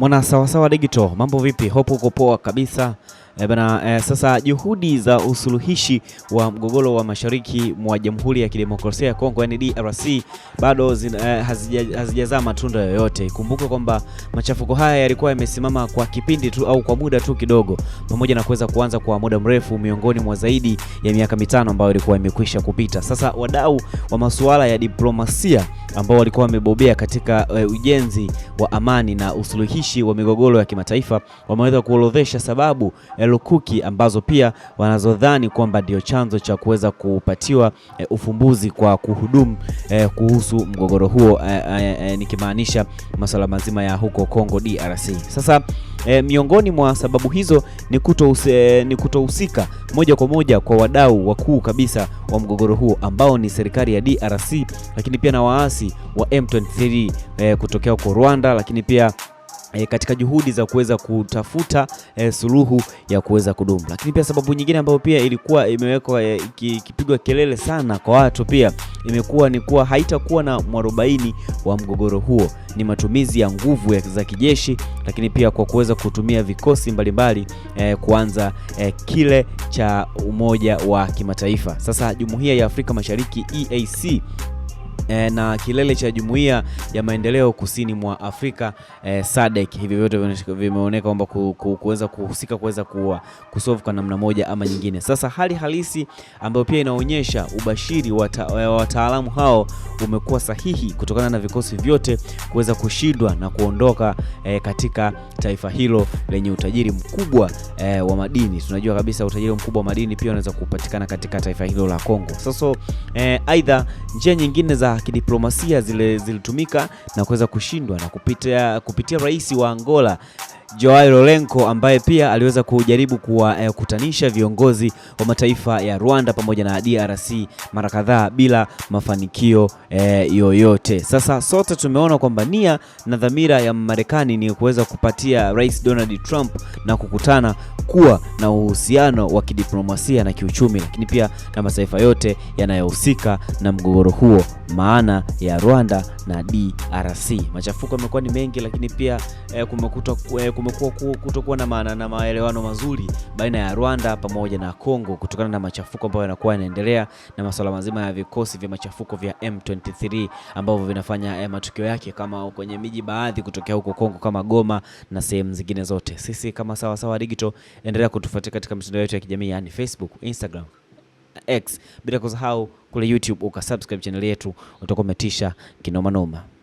Mwana sawasawa digital, mambo vipi? Hope uko poa kabisa. E bana, e, sasa juhudi za usuluhishi wa mgogoro wa mashariki mwa Jamhuri ya Kidemokrasia ya Kongo yani DRC bado e, hazijazaa matunda yoyote. Kumbuka kwamba machafuko haya yalikuwa yamesimama kwa kipindi tu au kwa muda tu kidogo, pamoja na kuweza kuanza kwa muda mrefu miongoni mwa zaidi ya miaka mitano ambayo ilikuwa imekwisha kupita. Sasa wadau wa masuala ya diplomasia ambao walikuwa wamebobea katika e, ujenzi wa amani na usuluhishi wa migogoro ya kimataifa wameweza kuorodhesha sababu e, lukuki ambazo pia wanazodhani kwamba ndio chanzo cha kuweza kupatiwa e, ufumbuzi kwa kuhudumu e, kuhusu mgogoro huo e, e, e, nikimaanisha masuala mazima ya huko Kongo DRC. Sasa e, miongoni mwa sababu hizo ni kutohusika e, moja kwa moja kwa wadau wakuu kabisa wa mgogoro huo ambao ni serikali ya DRC, lakini pia na waasi wa M23 e, kutokea kwa Rwanda, lakini pia E, katika juhudi za kuweza kutafuta e, suluhu ya kuweza kudumu. Lakini pia sababu nyingine ambayo pia ilikuwa imewekwa e, ikipigwa kelele sana kwa watu pia imekuwa ni kuwa haitakuwa na mwarobaini wa mgogoro huo, ni matumizi ya nguvu za kijeshi, lakini pia kwa kuweza kutumia vikosi mbalimbali e, kuanza e, kile cha umoja wa kimataifa. Sasa Jumuiya ya Afrika Mashariki EAC Eh, na kilele cha jumuiya ya maendeleo kusini mwa Afrika eh, SADC. Hivi vyote vimeoneka kwamba ku, ku, kuweza kuhusika kuweza kusolve kwa namna moja ama nyingine. Sasa hali halisi ambayo pia inaonyesha ubashiri wa eh, wataalamu hao umekuwa sahihi kutokana na vikosi vyote kuweza kushindwa na kuondoka eh, katika taifa hilo lenye utajiri mkubwa eh, wa madini. Tunajua kabisa utajiri mkubwa wa madini pia unaweza kupatikana katika taifa hilo la Kongo. Sasa eh, aidha eh, njia nyingine za kidiplomasia zile zilitumika na kuweza kushindwa na kupitia, kupitia rais wa Angola Joao Lourenco ambaye pia aliweza kujaribu kuwakutanisha eh, viongozi wa mataifa ya Rwanda pamoja na DRC mara kadhaa bila mafanikio eh, yoyote. Sasa sote tumeona kwamba nia na dhamira ya Marekani ni kuweza kupatia Rais Donald Trump na kukutana kuwa na uhusiano wa kidiplomasia na kiuchumi, lakini pia na mataifa yote yanayohusika na mgogoro huo, maana ya Rwanda na DRC. Machafuko yamekuwa ni mengi, lakini pia eh, kumekuta eh, kumekuwa kutokuwa na maana na maelewano mazuri baina ya Rwanda pamoja na Kongo kutokana na machafuko ambayo yanakuwa yanaendelea na masuala mazima ya vikosi vya machafuko vya M23 ambavyo vinafanya eh, matukio yake kama kwenye miji baadhi kutokea huko Kongo kama Goma na sehemu zingine zote. Sisi kama Sawasawa Digital endelea kutufuatia katika mitandao yetu ya kijamii yani Facebook, Instagram, X, bila kusahau kule YouTube ukasubscribe channel yetu, utakuwa umetisha kinomanoma.